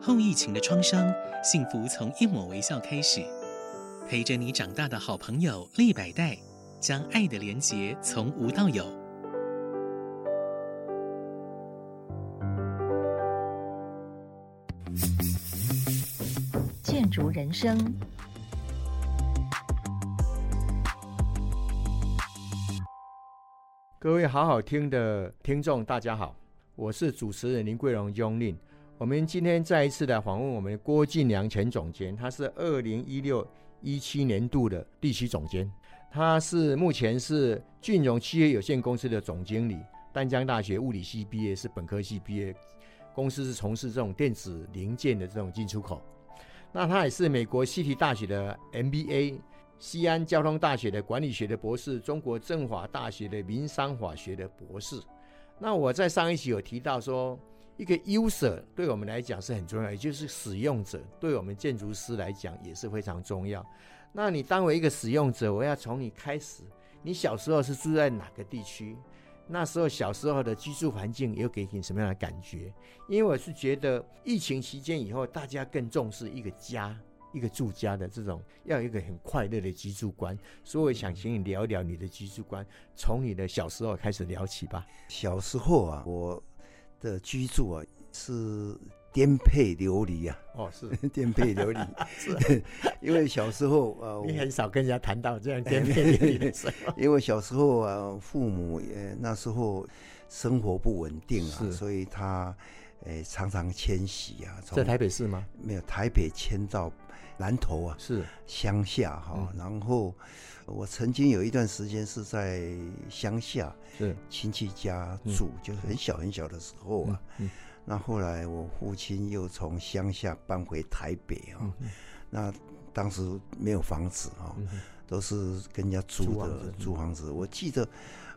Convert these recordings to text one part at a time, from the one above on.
後疫情的創傷，幸福從一抹微笑開始。陪着你長大的好朋友利百代，將愛的連結從無到有。建築人生，各位好好聽的聽眾，大家好，我是主持人林貴榮 y o n 我們今天再一次來訪問我們郭俊良前總監，他是二零一六一七年度的地區總監，他是目前是駿融企業有限公司的總經理。淡江大學物理系畢業，是本科系畢業。公司是從事這種電子零件的這種進出口。那他也是美國 City 大學的 MBA，西安交通大學的管理學的博士，中國政法大學的民商法學的博士。那我在上一期有提到說，一個 user 對我們來講是很重要，也就是使用者對我們建築師來講也是非常重要。那你當為一個使用者，我要從你開始。你小時候是住在哪個地區？那時候小時候的居住環境又給你什麼樣的感覺？因為我是覺得疫情期間以後，大家更重視一個家、一個住家的這種，要有一個很快樂的居住觀。所以我想請你聊一聊你的居住觀，從你的小時候開始聊起吧。小時候啊，我。的居住啊，是顛沛流離啊！哦，是顛沛流離， 是、啊，因為小時候呃， 你很少跟人家談到這樣顛沛流離的事。因為小時候啊，父母也，那時候生活不穩定啊，是所以他、欸、常常遷徙啊，在台北市嗎？沒有，台北遷到南投啊，是鄉下哈。然後我曾經有一段時間是在鄉下，是親戚家住，就是很小很小的時候啊。那後來我父親又從鄉下搬回台北啊。那當時沒有房子啊，都是跟人家租的租房子。我記得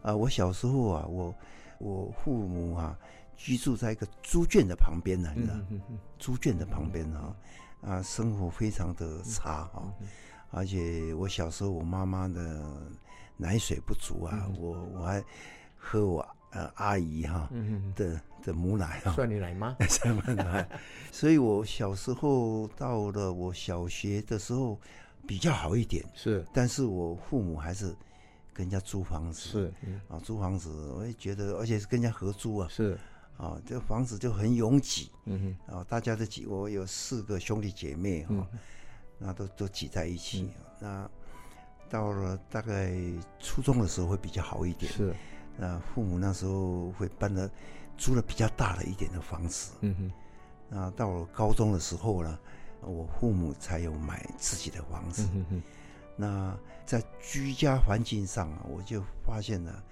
啊，我小時候啊，我我父母啊，居住在一個豬圈的旁邊呢，豬圈的旁邊啊。啊，生活非常的差哈、哦，嗯嗯、而且我小時候我媽媽的奶水不足啊，嗯、我我還喝我呃阿姨哈、啊嗯、的的母奶啊，算你奶媽？算你奶，所以我小時候到了我小學的時候比較好一點，是，但是我父母還是跟人家租房子，是，啊租房子我也覺得，而且是跟人家合租啊，是。哦，這房子就很擁擠。嗯哼，哦，大家都擠。我有四個兄弟姐妹，哦，哈、嗯哼，那都都擠在一起。嗯、那到了大概初中的時候會比較好一點。是，那父母那時候會搬的，租了比較大的一點的房子。嗯哼，那到了高中的時候呢，我父母才有買自己的房子。嗯哼，哼，那在居家環境上啊，我就發現了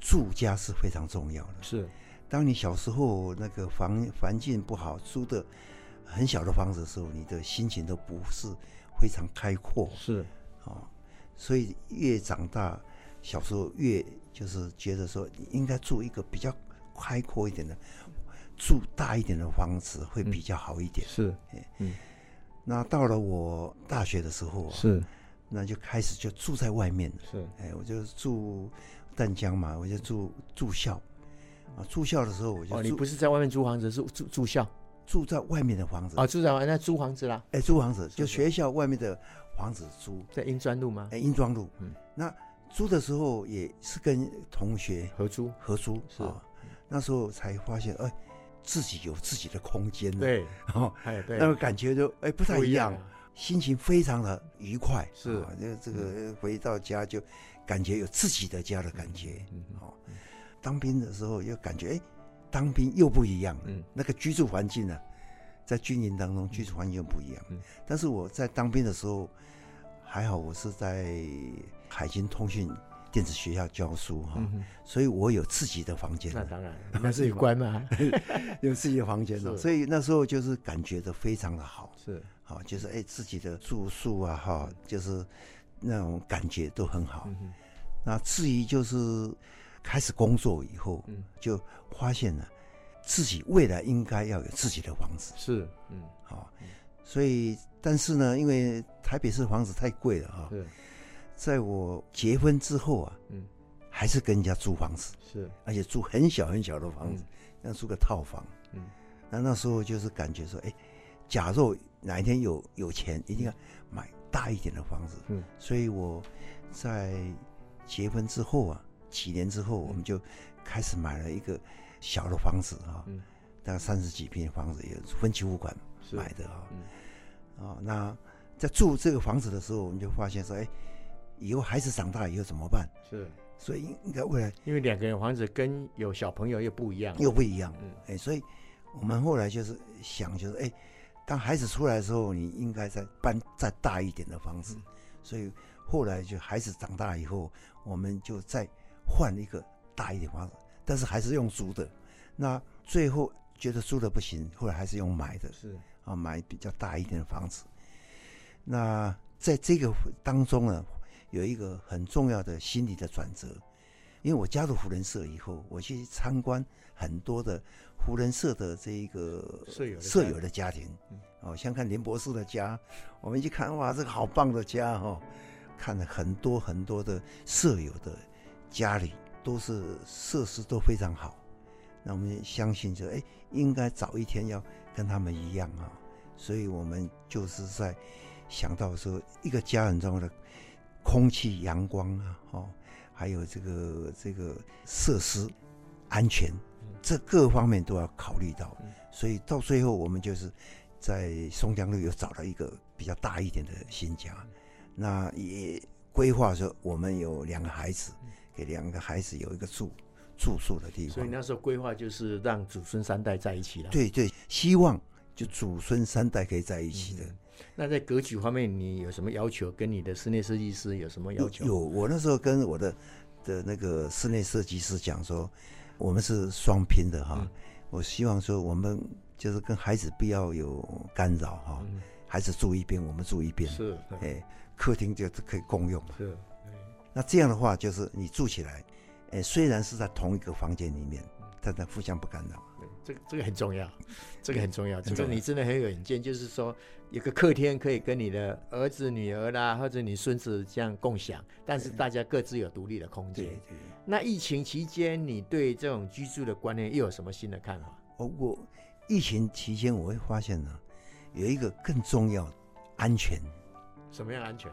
住家是非常重要的。是。當你小時候那個房環境不好，租的很小的房子的時候，你的心情都不是非常開闊。是啊、哦，所以越長大，小時候越就是覺得說，應該住一個比較開闊一點的，住大一點的房子會比較好一點。是嗯，是嗯，那到了我大學的時候啊，是，那就開始就住在外面了。是，哎，我就住淡江嘛，我就住住校。啊，住校的時候我就你不是在外面租房子？是住住校，住在外面的房子啊，住在那租房子啦，哎，租房子就學校外面的房子租，在英專路嗎？哎，英專路，嗯，那租的時候也是跟同學合租，合租。是，那時候才發現，哎，自己有自己的空間對，然後對，那個感覺就哎不太一樣，心情非常的愉快，是，那這個回到家就感覺有自己的家的感覺，嗯，好。當兵的時候又感覺哎、欸，當兵又不一樣。嗯，那個居住環境呢、啊，在軍營當中居住環境不一樣。嗯，但是我在當兵的時候還好，我是在海軍通訊電子學校教書哈，嗯、哼所以我有自己的房間。那當然，那是有官嘛， 有自己的房間的所以那時候就是感覺得非常的好，是好就是哎、欸，自己的住宿啊哈，就是那種感覺都很好。嗯，哼那至於就是。開始工作以後，嗯，就發現了自己未來應該要有自己的房子。是，嗯，好、哦，所以但是呢，因為台北市房子太貴了、哦，哈是。對。在我結婚之後啊，嗯，還是跟人家租房子。是。而且租很小很小的房子，嗯、要租個套房。嗯。那那時候就是感覺說，哎、欸，假若哪一天有有錢，一定要買大一點的房子。嗯。所以我在結婚之後啊。幾年之後，我們就開始買了一個小的房子啊，嗯、大概三十幾平的房子，有分期付款買的啊、嗯哦。那在住這個房子的時候，我們就發現說，哎、欸，以後孩子長大以後怎麼辦？是，所以應該未來因為兩個人房子跟有小朋友又不一樣，又不一樣。嗯，哎、欸，所以我們後來就是想，就是哎，當、欸、孩子出來的時候，你應該再搬再大一點的房子。是所以後來就孩子長大以後，我們就再。換一個大一點房子，但是還是用租的。那最後覺得租的不行，後來還是用買的。是啊，買比較大一點的房子。那在這個當中呢，有一個很重要的心理的轉折。因為我加入扶輪社以後，我去參觀很多的扶輪社的這一個社友社友的家庭。家哦，像看林博士的家，我們一看哇，這個好棒的家哦！看了很多很多的社友的。家裡都是設施都非常好，那我們相信說，哎、欸，應該早一天要跟他們一樣啊。所以我們就是在想到說，一個家很重要的空氣、陽光啊，哦，還有這個這個設施、安全，這各方面都要考慮到。所以到最後，我們就是在松江路又找到一個比較大一點的新家。那也規劃說，我們有兩個孩子。給兩個孩子有一個住住宿的地方，所以那時候規劃就是讓祖孫三代在一起了。對對，希望就祖孫三代可以在一起的。嗯，那在格局方面，你有什麼要求？跟你的室內設計師有什麼要求？有，有，我那時候跟我的的那個室內設計師講說，我們是雙拼的哈，嗯，我希望說我們就是跟孩子不要有干擾哈，孩子，嗯，住一邊，我們住一邊，是，哎誒，是客廳就可以共用。是。那這樣的話，就是你住起來，誒，雖然是在同一個房間裡面，但是互相不干擾。對，這個、這個很重要，這個很重要。這個你真的很有遠見，就是說有個客廳可以跟你的兒子、女兒啦，或者你孫子這樣共享，但是大家各自有獨立的空間。對對。那疫情期間，你對這種居住的觀念又有什麼新的看法？我疫情期間，我會發現呢、啊，有一個更重要，安全。什麼樣安全？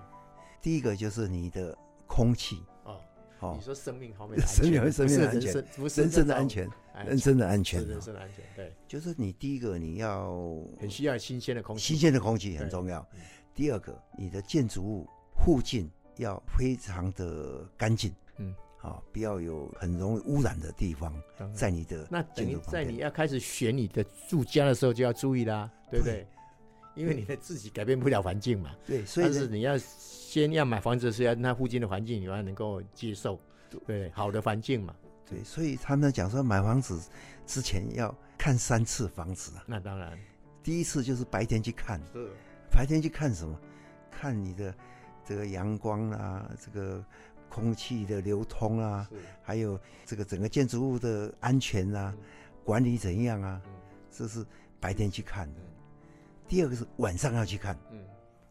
第一個就是你的。空氣哦，好，你說生命方面，生命和生命安全，不是人生的安全，人生的安全，人生的安全，對，就是你第一個你要很需要新鮮的空氣，新鮮的空氣很重要。第二個，你的建築物附近要非常的乾淨，嗯，好，不要有很容易污染的地方在你的那，等於在你要開始選你的住家的時候就要注意啦，對不對？因為你的自己改變不了環境嘛，嗯、對，所以是你要先要買房子，是要那附近的環境你要能夠接受，對，好的環境嘛，對，所以他們講說買房子之前要看三次房子啊。那當然，第一次就是白天去看，是白天去看什麼？看你的這個陽光啊，這個空氣的流通啊，是還有這個整個建築物的安全啊，嗯、管理怎樣啊？嗯、這是白天去看的。第二個是晚上要去看，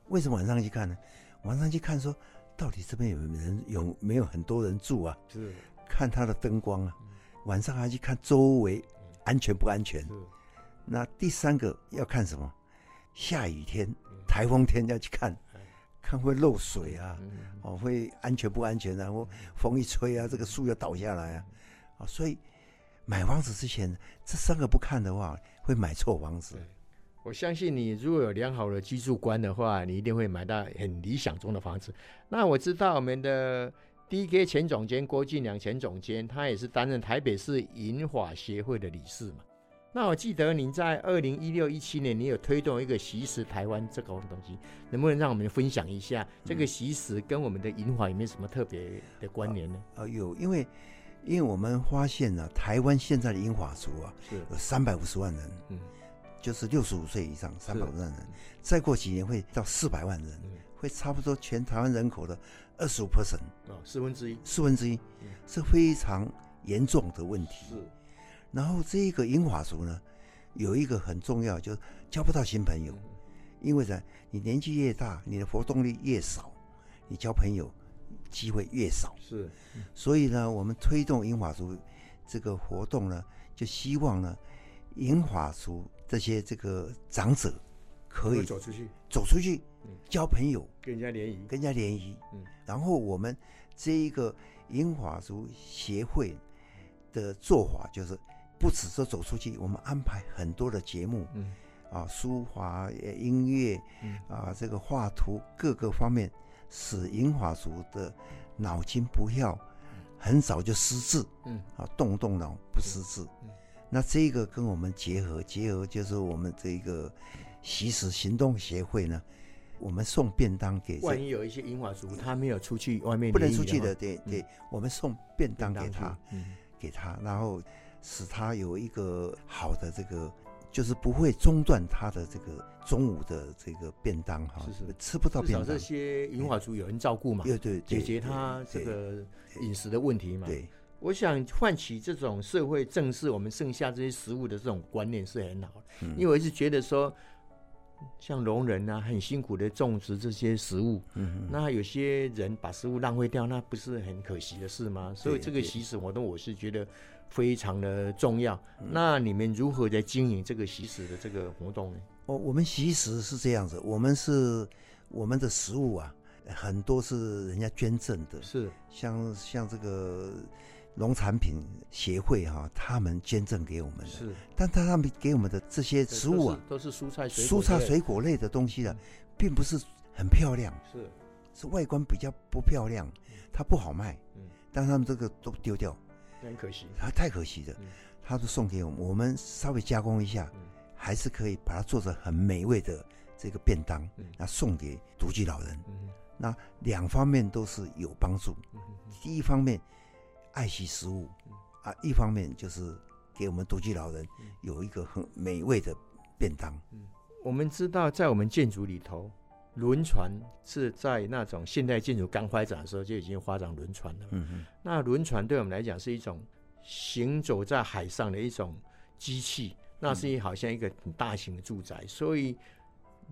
為什麼晚上去看呢？晚上去看，說到底這邊有沒有人，有沒有很多人住啊？是看它的燈光啊。晚上還要去看周圍安全不安全？那第三個要看什麼？下雨天、颱風天要去看，看會漏水啊？哦，會安全不安全？然後風一吹啊，這個樹要倒下來啊。啊，所以買房子之前這三個不看的話，會買錯房子。我相信你，如果有良好的居住觀的話，你一定會買到很理想中的房子。那我知道我們的 DK 前總監郭俊良前總監，他也是擔任台北市銀髮協會的理事嘛。那我記得您在二零一六一七年，您有推動一個“惜食台灣”這個東西，能不能讓我們分享一下這個“惜食”跟我們的銀髮有沒有什麼特別的關聯呢？啊、嗯、呃呃，有，因為因為我們發現呢、啊，台灣現在的銀髮族啊，是有三百五十萬人。嗯。就是六十五歲以上三百五十萬人。是再過幾年會到四百萬人，嗯、會差不多全台灣人口的二十五 percent 啊，四分之一，四分之一、嗯、是非常嚴重的問題。是然後這一個銀髮族呢，有一個很重要，就是、交不到新朋友，嗯、因為呢，你年紀越大，你的活動力越少，你交朋友機會越少。是，所以呢，我們推動銀髮族這個活動呢，就希望呢，銀髮族。這些這個長者可以走出去，走出去交朋友，跟人家聯誼，跟人家聯誼。然後我們這一個銀髮族協會的做法就是，不只是走出去，我們安排很多的節目，嗯啊，書法、音樂，啊，這個畫圖各個方面，使銀髮族的腦筋不要很早就失智，嗯啊，動動腦不失智。那這個跟我們結合，結合就是我們這個惜食行動協會呢，我們送便當給，萬一有一些銀髮族他沒有出去外面離離離，不能出去的，的話嗯、對對，我們送便當給他，嗯、給他，然後使他有一個好的這個，就是不會中斷他的這個中午的這個便當哈，是是吃不到便當這些銀髮族有人照顧嘛，對對，解決他這個飲食的問題嘛。對我想喚起這種社會正視我們剩下這些食物的這種觀念是很好的，嗯、因為我是覺得說，像農人啊，很辛苦的種植這些食物，嗯、哼那有些人把食物浪費掉，那不是很可惜的事嗎？對對對，所以這個惜食活動我是覺得非常的重要。嗯、那你們如何在經營這個惜食的這個活動呢？哦，我們惜食是這樣子，我們是我們的食物啊，很多是人家捐贈的，是像像這個。農產品協會哈，他們捐贈給我們的，但他們給我們的這些食物啊，都是蔬菜、蔬菜、水果類的東西的，並不是很漂亮，是是外觀比較不漂亮，它不好賣，但他們這個都丟掉，很可惜，太可惜了，他都送給我們，我們稍微加工一下，還是可以把它做成很美味的這個便當，那送給獨居老人，那兩方面都是有幫助，第一方面。愛惜食物啊，一方面就是給我們獨居老人有一個很美味的便當。嗯，我們知道，在我們建築裡頭，輪船是在那種現代建築剛發展的時候就已經發展輪船了。嗯哼，那輪船對我們來講是一種行走在海上的一種機器，那是一個好像一個很大型的住宅，所以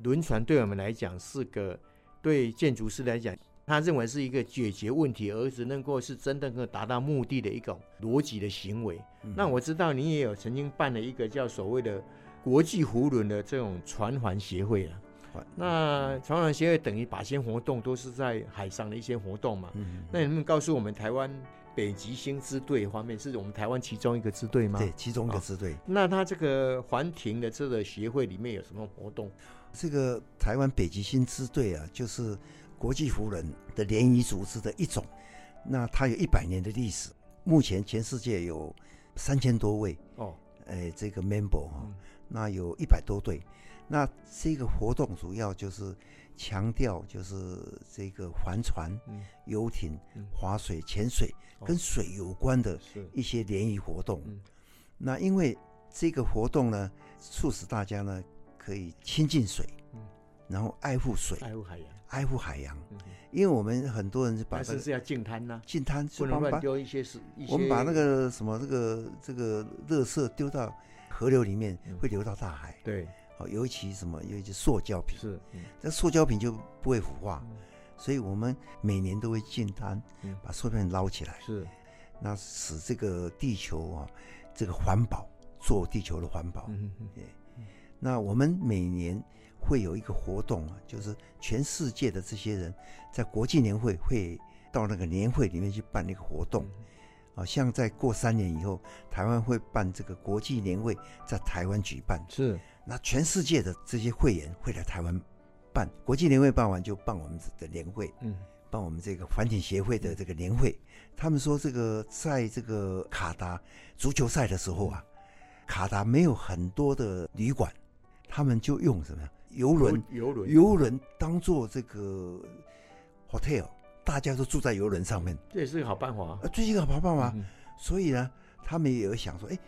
輪船對我們來講是個對建築師來講。他認為是一個解決問題，而只能夠是真的能夠達到目的的一種邏輯的行為。嗯、那我知道您也有曾經辦了一個叫所謂的國際扶輪的這種船環協會啊。嗯、那船環協會等於把些活動都是在海上的一些活動嘛。嗯嗯嗯，那你能告訴我們，台灣北極星支隊方面是我們台灣其中一個支隊嗎？對，其中一個支隊。那他這個環停的這個協會裡面有什麼活動？這個台灣北極星支隊啊，就是。國際扶輪的聯誼組織的一種，那它有一百年的歷史。目前全世界有三千多位哦，呃，這個 member 哈、嗯，那有一百多對。那這個活動主要就是強調就是這個帆船、嗯、遊艇、劃、嗯、水、潛水、嗯、跟水有關的一些聯誼活動。哦、那因為這個活動呢，促使大家呢可以親近水。然後愛護水，愛護海洋，愛護海洋，因為我們很多人是把是要淨灘呢，淨灘不能亂丟一些是，我們把那個什麼這個這個垃圾丟到河流裡面會流到大海，對，好尤其什麼尤其塑膠品是，那塑膠品就不會腐化，所以我們每年都會淨灘，把塑料撈起來，是，那使這個地球啊，這個環保做地球的環保，對，那我們每年。會有一個活動啊，就是全世界的這些人，在國際年會會到那個年會裡面去辦那個活動，好像再過三年以後，台灣會辦這個國際年會，在台灣舉辦，是，那全世界的這些會員會來台灣辦國際年會，辦完就辦我們的年會，嗯，辦我們這個帆艇協會的這個年會，他們說這個在這個卡達足球賽的時候啊，卡達沒有很多的旅館，他們就用什麼遊輪，遊輪，遊輪當做這個 hotel，大家都住在遊輪上面，這也是個好辦法。這、啊、最近是個好辦法，嗯、哼所以呢，他們也有想說，哎，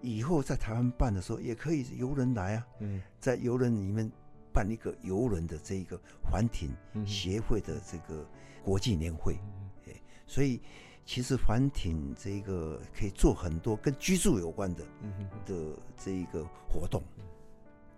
以後在台灣辦的時候，也可以遊輪來啊。嗯，在遊輪裡面辦一個遊輪的這一個環艇協會的這個國際年會。哎、嗯哼，所以其實環艇這個可以做很多跟居住有關的、嗯、哼的這一個活動。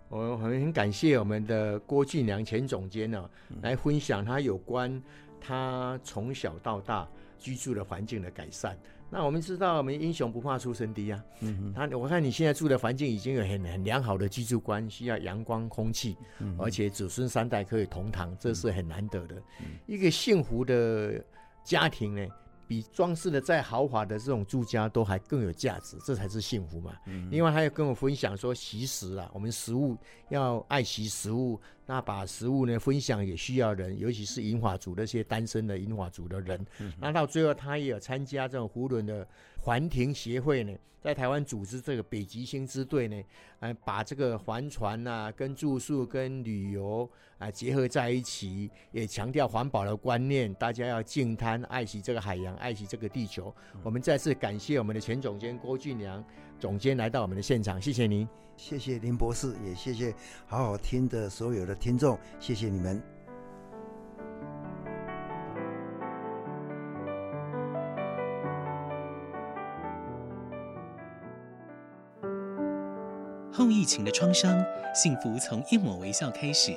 我很很感謝我們的郭俊良前總監呢、啊，來分享他有關他從小到大居住的環境的改善。那我們知道，我們英雄不怕出身低啊。嗯哼，他我看你現在住的環境已經有很很良好的居住觀，需要陽光、空氣，嗯、哼而且子孫三代可以同堂，這是很難得的。嗯、哼一個幸福的家庭呢。比裝飾的再豪華的這種住家都還更有價值，這才是幸福嘛。嗯。另外，他有跟我分享說，其實啊，我們食物要愛惜食物。那把食物呢，分享也需要人，尤其是銀髮族那些單身的銀髮族的人。嗯、哼那到最後，他也有參加這種扶輪的帆艇協會呢，在台灣組織這個北極星之隊呢，嗯、呃，把這個帆船啊、跟住宿、跟旅遊啊、呃、結合在一起，也強調環保的觀念，大家要淨灘、愛惜這個海洋、愛惜這個地球。嗯、我們再次感謝我們的前總監郭俊良總監來到我們的現場，謝謝您。謝謝林博士，也謝謝好好聽的所有的聽眾，謝謝你們。後疫情的創傷，幸福從一抹微笑開始。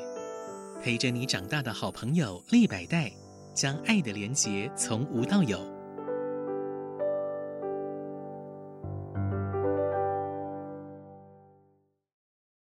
陪着你長大的好朋友利百代，將愛的連結從無到有。